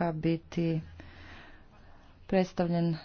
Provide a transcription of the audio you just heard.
biti predstavljen